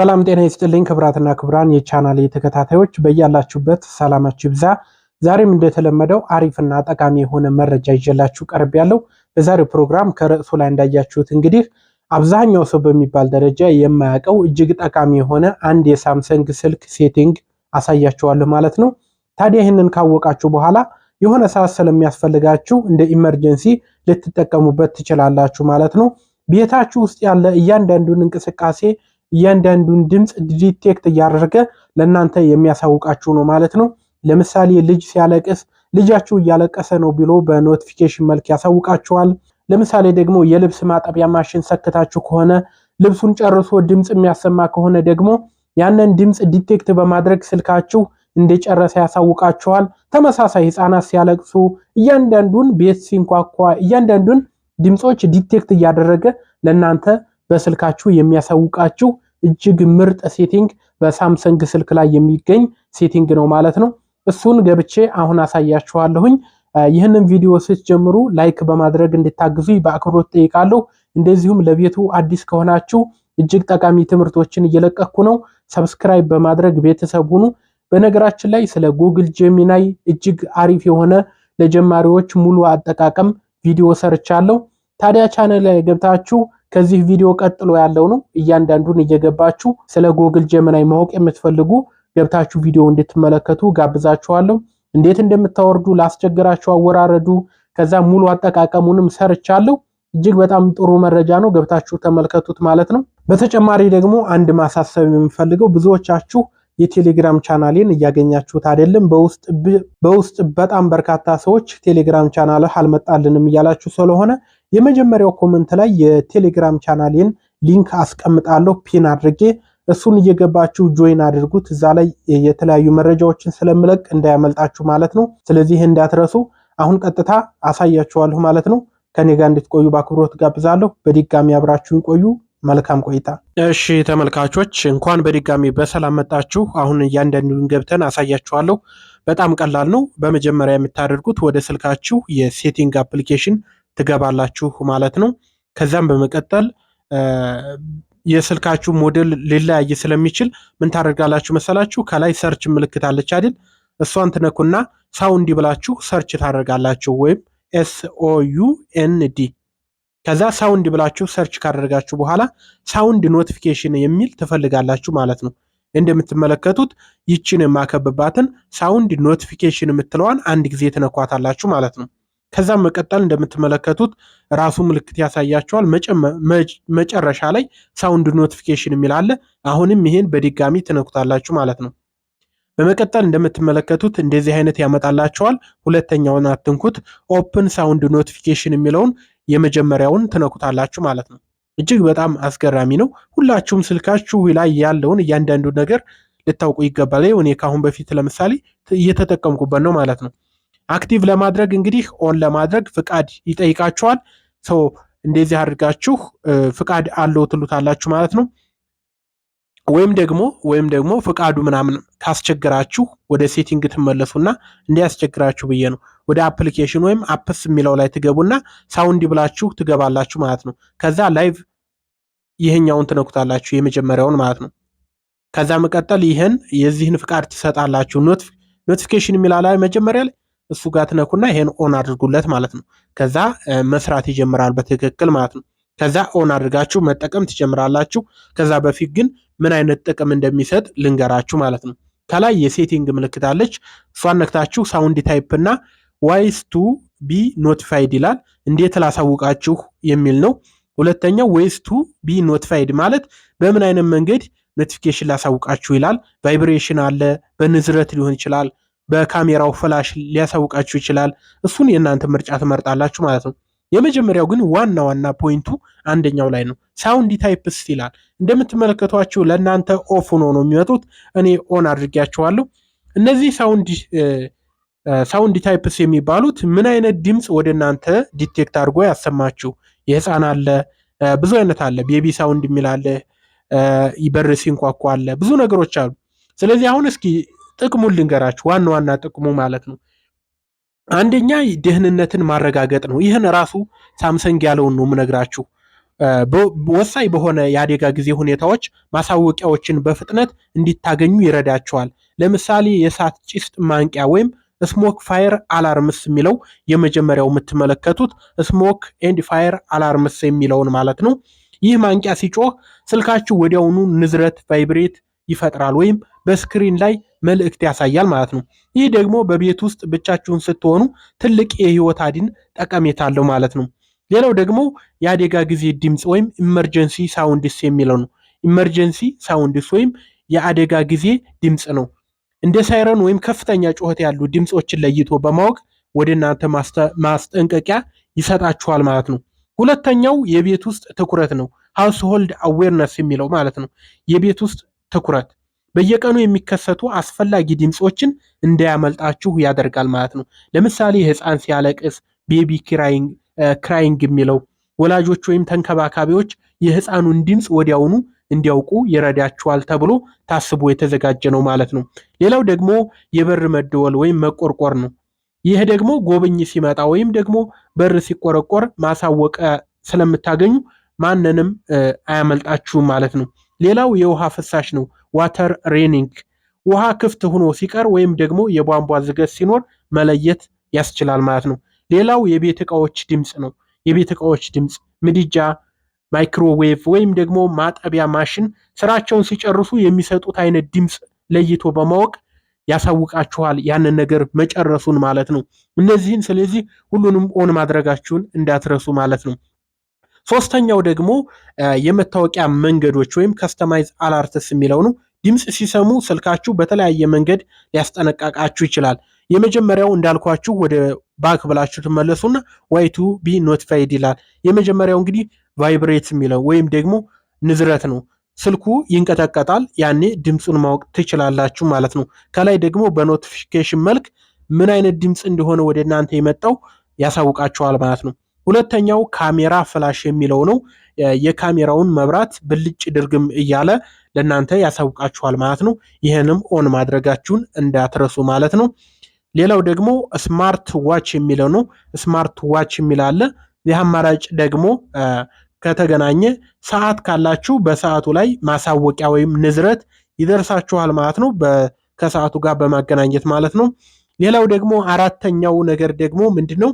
ሰላም ጤና ይስጥልኝ ክብራትና ክብራን የቻናል ተከታታዮች በያላችሁበት ሰላማችሁ ይብዛ። ዛሬም እንደተለመደው አሪፍና ጠቃሚ የሆነ መረጃ ይዤላችሁ ቀርብ ያለው በዛሬው ፕሮግራም ከርዕሱ ላይ እንዳያችሁት እንግዲህ አብዛኛው ሰው በሚባል ደረጃ የማያውቀው እጅግ ጠቃሚ የሆነ አንድ የሳምሰንግ ስልክ ሴቲንግ አሳያችኋለሁ ማለት ነው። ታዲያ ይህንን ካወቃችሁ በኋላ የሆነ ሰዓት ስለሚያስፈልጋችሁ እንደ ኢመርጀንሲ ልትጠቀሙበት ትችላላችሁ ማለት ነው። ቤታችሁ ውስጥ ያለ እያንዳንዱን እንቅስቃሴ እያንዳንዱን ድምፅ ዲቴክት እያደረገ ለእናንተ የሚያሳውቃችሁ ነው ማለት ነው። ለምሳሌ ልጅ ሲያለቅስ ልጃችሁ እያለቀሰ ነው ብሎ በኖቲፊኬሽን መልክ ያሳውቃችኋል። ለምሳሌ ደግሞ የልብስ ማጠቢያ ማሽን ሰክታችሁ ከሆነ ልብሱን ጨርሶ ድምፅ የሚያሰማ ከሆነ ደግሞ ያንን ድምፅ ዲቴክት በማድረግ ስልካችሁ እንደጨረሰ ያሳውቃችኋል። ተመሳሳይ ህፃናት ሲያለቅሱ እያንዳንዱን ቤት ሲንኳኳ እያንዳንዱን ድምፆች ዲቴክት እያደረገ ለእናንተ በስልካችሁ የሚያሳውቃችሁ እጅግ ምርጥ ሴቲንግ በሳምሰንግ ስልክ ላይ የሚገኝ ሴቲንግ ነው ማለት ነው። እሱን ገብቼ አሁን አሳያችኋለሁኝ። ይህንን ቪዲዮ ስትጀምሩ ላይክ በማድረግ እንድታግዙ በአክብሮት ጠይቃለሁ። እንደዚሁም ለቤቱ አዲስ ከሆናችሁ እጅግ ጠቃሚ ትምህርቶችን እየለቀኩ ነው። ሰብስክራይብ በማድረግ ቤተሰብ ሁኑ። በነገራችን ላይ ስለ ጉግል ጄሚናይ እጅግ አሪፍ የሆነ ለጀማሪዎች ሙሉ አጠቃቀም ቪዲዮ ሰርቻለሁ። ታዲያ ቻነል ላይ ገብታችሁ ከዚህ ቪዲዮ ቀጥሎ ያለው ነው። እያንዳንዱን እየገባችሁ ስለ ጎግል ጀመናይ ማወቅ የምትፈልጉ ገብታችሁ ቪዲዮ እንድትመለከቱ ጋብዛችኋለሁ። እንዴት እንደምታወርዱ ላስቸግራችሁ፣ አወራረዱ፣ ከዛ ሙሉ አጠቃቀሙንም ሰርቻለሁ። እጅግ በጣም ጥሩ መረጃ ነው። ገብታችሁ ተመልከቱት ማለት ነው። በተጨማሪ ደግሞ አንድ ማሳሰብ የምፈልገው ብዙዎቻችሁ የቴሌግራም ቻናሌን እያገኛችሁት አይደለም። በውስጥ በጣም በርካታ ሰዎች ቴሌግራም ቻናል አልመጣልንም እያላችሁ ስለሆነ የመጀመሪያው ኮመንት ላይ የቴሌግራም ቻናሌን ሊንክ አስቀምጣለሁ ፒን አድርጌ፣ እሱን እየገባችሁ ጆይን አድርጉት። እዛ ላይ የተለያዩ መረጃዎችን ስለምለቅ እንዳያመልጣችሁ ማለት ነው። ስለዚህ እንዳትረሱ። አሁን ቀጥታ አሳያችኋለሁ ማለት ነው። ከኔ ጋር እንድትቆዩ በአክብሮት ጋብዛለሁ። በድጋሚ አብራችሁን ቆዩ። መልካም ቆይታ። እሺ ተመልካቾች እንኳን በድጋሚ በሰላም መጣችሁ። አሁን እያንዳንዱን ገብተን አሳያችኋለሁ። በጣም ቀላል ነው። በመጀመሪያ የምታደርጉት ወደ ስልካችሁ የሴቲንግ አፕሊኬሽን ትገባላችሁ ማለት ነው። ከዚያም በመቀጠል የስልካችሁ ሞዴል ሊለያይ ስለሚችል ምን ታደርጋላችሁ መሰላችሁ? ከላይ ሰርች ምልክት አለች አይደል? እሷን ትነኩና ሳውንዲ ብላችሁ ሰርች ታደርጋላችሁ ወይም ኤስኦዩኤንዲ ከዛ ሳውንድ ብላችሁ ሰርች ካደረጋችሁ በኋላ ሳውንድ ኖቲፊኬሽን የሚል ትፈልጋላችሁ ማለት ነው። እንደምትመለከቱት ይችን የማከብባትን ሳውንድ ኖቲፊኬሽን የምትለዋን አንድ ጊዜ ትነኳታላችሁ ማለት ነው። ከዛም መቀጠል እንደምትመለከቱት ራሱ ምልክት ያሳያቸዋል። መጨረሻ ላይ ሳውንድ ኖቲፊኬሽን የሚል አለ። አሁንም ይሄን በድጋሚ ትነኩታላችሁ ማለት ነው። በመቀጠል እንደምትመለከቱት እንደዚህ አይነት ያመጣላቸዋል። ሁለተኛውን አትንኩት። ኦፕን ሳውንድ ኖቲፊኬሽን የሚለውን የመጀመሪያውን ትነኩታላችሁ ማለት ነው። እጅግ በጣም አስገራሚ ነው። ሁላችሁም ስልካችሁ ላይ ያለውን እያንዳንዱ ነገር ልታውቁ ይገባል። እኔ ከአሁን በፊት ለምሳሌ እየተጠቀምኩበት ነው ማለት ነው። አክቲቭ ለማድረግ እንግዲህ ኦን ለማድረግ ፍቃድ ይጠይቃችኋል። ሰው እንደዚህ አድርጋችሁ ፍቃድ አለው ትሉታላችሁ ማለት ነው። ወይም ደግሞ ወይም ደግሞ ፍቃዱ ምናምን ካስቸግራችሁ ወደ ሴቲንግ ትመለሱና እንዲያስቸግራችሁ ብዬ ነው። ወደ አፕሊኬሽን ወይም አፕስ የሚለው ላይ ትገቡና ሳውንድ ብላችሁ ትገባላችሁ ማለት ነው። ከዛ ላይቭ ይህኛውን ትነኩታላችሁ የመጀመሪያውን ማለት ነው። ከዛ መቀጠል ይህን የዚህን ፍቃድ ትሰጣላችሁ። ኖቲፊኬሽን የሚላ ላይ መጀመሪያ ላይ እሱ ጋር ትነኩና ይህን ኦን አድርጉለት ማለት ነው። ከዛ መስራት ይጀምራል በትክክል ማለት ነው። ከዛ ኦን አድርጋችሁ መጠቀም ትጀምራላችሁ። ከዛ በፊት ግን ምን አይነት ጥቅም እንደሚሰጥ ልንገራችሁ ማለት ነው። ከላይ የሴቲንግ ምልክት አለች። እሷን ነክታችሁ ሳውንድ ታይፕ እና ዋይስ ቱ ቢ ኖቲፋይድ ይላል። እንዴት ላሳውቃችሁ የሚል ነው። ሁለተኛው ዌይስ ቱ ቢ ኖቲፋይድ ማለት በምን አይነት መንገድ ኖቲፊኬሽን ላሳውቃችሁ ይላል። ቫይብሬሽን አለ፣ በንዝረት ሊሆን ይችላል፣ በካሜራው ፍላሽ ሊያሳውቃችሁ ይችላል። እሱን የእናንተ ምርጫ ትመርጣላችሁ ማለት ነው። የመጀመሪያው ግን ዋና ዋና ፖይንቱ አንደኛው ላይ ነው። ሳውንድ ታይፕስ ይላል። እንደምትመለከቷቸው ለእናንተ ኦፍ ሆኖ ነው የሚመጡት። እኔ ኦን አድርጌያቸዋለሁ። እነዚህ ሳውንድ ሳውንድ ታይፕስ የሚባሉት ምን አይነት ድምፅ ወደ እናንተ ዲቴክት አድርጎ ያሰማችሁ? የህፃን አለ፣ ብዙ አይነት አለ። ቤቢ ሳውንድ የሚል አለ፣ በር ሲንኳኳ አለ፣ ብዙ ነገሮች አሉ። ስለዚህ አሁን እስኪ ጥቅሙን ልንገራችሁ፣ ዋና ዋና ጥቅሙ ማለት ነው። አንደኛ ደህንነትን ማረጋገጥ ነው። ይህን ራሱ ሳምሰንግ ያለውን ነው የምነግራችሁ። ወሳኝ በሆነ የአደጋ ጊዜ ሁኔታዎች ማሳወቂያዎችን በፍጥነት እንዲታገኙ ይረዳቸዋል። ለምሳሌ የእሳት ጭስ ማንቂያ ወይም ስሞክ ፋየር አላርምስ የሚለው የመጀመሪያው የምትመለከቱት ስሞክ ኤንድ ፋየር አላርምስ የሚለውን ማለት ነው። ይህ ማንቂያ ሲጮህ ስልካችሁ ወዲያውኑ ንዝረት ቫይብሬት ይፈጥራል ወይም በስክሪን ላይ መልእክት ያሳያል ማለት ነው። ይህ ደግሞ በቤት ውስጥ ብቻችሁን ስትሆኑ ትልቅ የህይወት አድን ጠቀሜታ አለው ማለት ነው። ሌላው ደግሞ የአደጋ ጊዜ ድምፅ ወይም ኢመርጀንሲ ሳውንድስ የሚለው ነው። ኢመርጀንሲ ሳውንድስ ወይም የአደጋ ጊዜ ድምፅ ነው። እንደ ሳይረን ወይም ከፍተኛ ጩኸት ያሉ ድምፆችን ለይቶ በማወቅ ወደ እናንተ ማስጠንቀቂያ ይሰጣችኋል ማለት ነው። ሁለተኛው የቤት ውስጥ ትኩረት ነው። ሃውስሆልድ አዌርነስ የሚለው ማለት ነው። የቤት ውስጥ ትኩረት በየቀኑ የሚከሰቱ አስፈላጊ ድምፆችን እንዳያመልጣችሁ ያደርጋል ማለት ነው። ለምሳሌ ህፃን ሲያለቅስ ቤቢ ክራይንግ የሚለው ወላጆች ወይም ተንከባካቢዎች የህፃኑን ድምፅ ወዲያውኑ እንዲያውቁ ይረዳችኋል ተብሎ ታስቦ የተዘጋጀ ነው ማለት ነው። ሌላው ደግሞ የበር መደወል ወይም መቆርቆር ነው። ይህ ደግሞ ጎብኝ ሲመጣ ወይም ደግሞ በር ሲቆረቆር ማሳወቀ ስለምታገኙ ማንንም አያመልጣችሁም ማለት ነው። ሌላው የውሃ ፍሳሽ ነው። ዋተር ሬኒንግ ውሃ ክፍት ሆኖ ሲቀር ወይም ደግሞ የቧንቧ ዝገት ሲኖር መለየት ያስችላል ማለት ነው። ሌላው የቤት እቃዎች ድምፅ ነው። የቤት እቃዎች ድምፅ ምድጃ፣ ማይክሮዌቭ ወይም ደግሞ ማጠቢያ ማሽን ስራቸውን ሲጨርሱ የሚሰጡት አይነት ድምፅ ለይቶ በማወቅ ያሳውቃችኋል ያንን ነገር መጨረሱን ማለት ነው። እነዚህን ስለዚህ ሁሉንም ኦን ማድረጋችሁን እንዳትረሱ ማለት ነው። ሶስተኛው ደግሞ የመታወቂያ መንገዶች ወይም ከስተማይዝ አላርትስ የሚለው ነው። ድምፅ ሲሰሙ ስልካችሁ በተለያየ መንገድ ሊያስጠነቃቃችሁ ይችላል። የመጀመሪያው እንዳልኳችሁ ወደ ባክ ብላችሁ ትመለሱና ዋይቱ ቢ ኖቲፋይድ ይላል። የመጀመሪያው እንግዲህ ቫይብሬት የሚለው ወይም ደግሞ ንዝረት ነው። ስልኩ ይንቀጠቀጣል። ያኔ ድምፁን ማወቅ ትችላላችሁ ማለት ነው። ከላይ ደግሞ በኖቲፊኬሽን መልክ ምን አይነት ድምፅ እንደሆነ ወደ እናንተ የመጣው ያሳውቃችኋል ማለት ነው። ሁለተኛው ካሜራ ፍላሽ የሚለው ነው። የካሜራውን መብራት ብልጭ ድርግም እያለ ለእናንተ ያሳውቃችኋል ማለት ነው። ይህንም ኦን ማድረጋችሁን እንዳትረሱ ማለት ነው። ሌላው ደግሞ ስማርት ዋች የሚለው ነው። ስማርት ዋች የሚል አለ። ይህ አማራጭ ደግሞ ከተገናኘ ሰዓት ካላችሁ በሰዓቱ ላይ ማሳወቂያ ወይም ንዝረት ይደርሳችኋል ማለት ነው። ከሰዓቱ ጋር በማገናኘት ማለት ነው። ሌላው ደግሞ አራተኛው ነገር ደግሞ ምንድን ነው?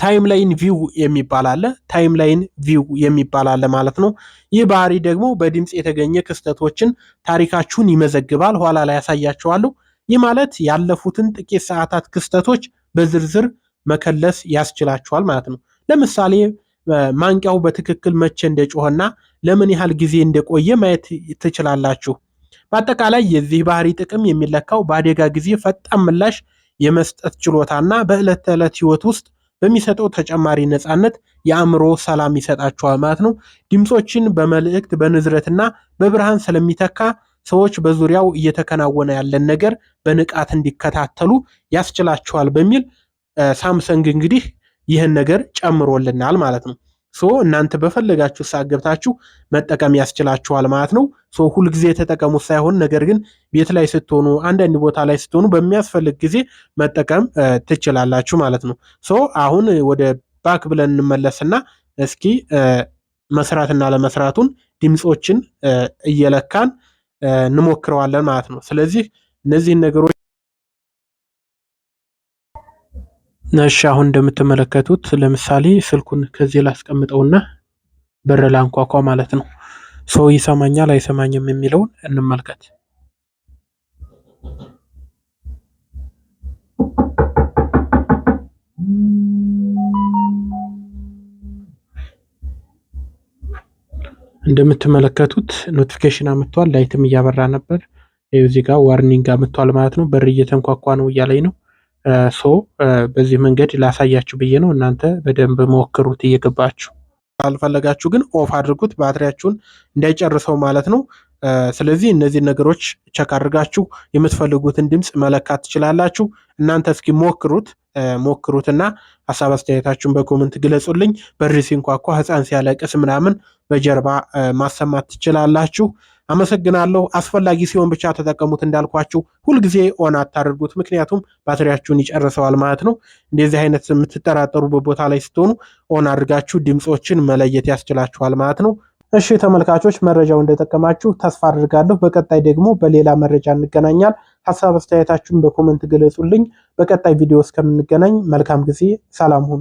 ታይም ላይን ቪው የሚባል አለ። ታይም ላይን ቪው የሚባል አለ ማለት ነው። ይህ ባህሪ ደግሞ በድምፅ የተገኘ ክስተቶችን ታሪካችሁን ይመዘግባል። ኋላ ላይ ያሳያቸዋለሁ። ይህ ማለት ያለፉትን ጥቂት ሰዓታት ክስተቶች በዝርዝር መከለስ ያስችላችኋል ማለት ነው። ለምሳሌ ማንቂያው በትክክል መቼ እንደጮኸና ለምን ያህል ጊዜ እንደቆየ ማየት ትችላላችሁ። በአጠቃላይ የዚህ ባህሪ ጥቅም የሚለካው በአደጋ ጊዜ ፈጣን ምላሽ የመስጠት ችሎታና በዕለት ተዕለት ህይወት ውስጥ በሚሰጠው ተጨማሪ ነፃነት የአእምሮ ሰላም ይሰጣቸዋል ማለት ነው። ድምፆችን በመልእክት በንዝረትና በብርሃን ስለሚተካ ሰዎች በዙሪያው እየተከናወነ ያለን ነገር በንቃት እንዲከታተሉ ያስችላቸዋል በሚል ሳምሰንግ እንግዲህ ይህን ነገር ጨምሮልናል ማለት ነው። ሶ እናንተ በፈለጋችሁ ሰዓት ገብታችሁ መጠቀም ያስችላችኋል ማለት ነው። ሶ ሁልጊዜ የተጠቀሙት ሳይሆን ነገር ግን ቤት ላይ ስትሆኑ፣ አንዳንድ ቦታ ላይ ስትሆኑ በሚያስፈልግ ጊዜ መጠቀም ትችላላችሁ ማለት ነው። ሶ አሁን ወደ ባክ ብለን እንመለስና እስኪ መስራትና ለመስራቱን ድምፆችን እየለካን እንሞክረዋለን ማለት ነው። ስለዚህ እነዚህን ነገሮች እሺ አሁን እንደምትመለከቱት ለምሳሌ ስልኩን ከዚህ ላስቀምጠውና በር ላንኳኳ ማለት ነው። ሰው ይሰማኛል አይሰማኝም የሚለውን እንመልከት። እንደምትመለከቱት ኖቲፊኬሽን አምጥቷል። ላይትም እያበራ ነበር። እዚህ ጋር ዋርኒንግ አምጥቷል ማለት ነው። በር እየተንኳኳ ነው እያለኝ ነው። ሶ በዚህ መንገድ ላሳያችሁ ብዬ ነው። እናንተ በደንብ ሞክሩት እየገባችሁ። ካልፈለጋችሁ ግን ኦፍ አድርጉት፣ ባትሪያችሁን እንዳይጨርሰው ማለት ነው። ስለዚህ እነዚህ ነገሮች ቸክ አድርጋችሁ የምትፈልጉትን ድምፅ መለካት ትችላላችሁ። እናንተ እስኪ ሞክሩት ሞክሩትና ሀሳብ አስተያየታችሁን በኮመንት ግለጹልኝ። በር ሲንኳኳ ህፃን ሲያለቅስ ምናምን በጀርባ ማሰማት ትችላላችሁ። አመሰግናለሁ። አስፈላጊ ሲሆን ብቻ ተጠቀሙት። እንዳልኳችሁ ሁልጊዜ ኦን አታደርጉት፣ ምክንያቱም ባትሪያችሁን ይጨርሰዋል ማለት ነው። እንደዚህ አይነት የምትጠራጠሩበት ቦታ ላይ ስትሆኑ ኦን አድርጋችሁ ድምፆችን መለየት ያስችላችኋል ማለት ነው። እሺ ተመልካቾች መረጃው እንደጠቀማችሁ ተስፋ አድርጋለሁ። በቀጣይ ደግሞ በሌላ መረጃ እንገናኛል። ሀሳብ አስተያየታችሁን በኮመንት ገለጹልኝ። በቀጣይ ቪዲዮ እስከምንገናኝ መልካም ጊዜ፣ ሰላም ሁኑ።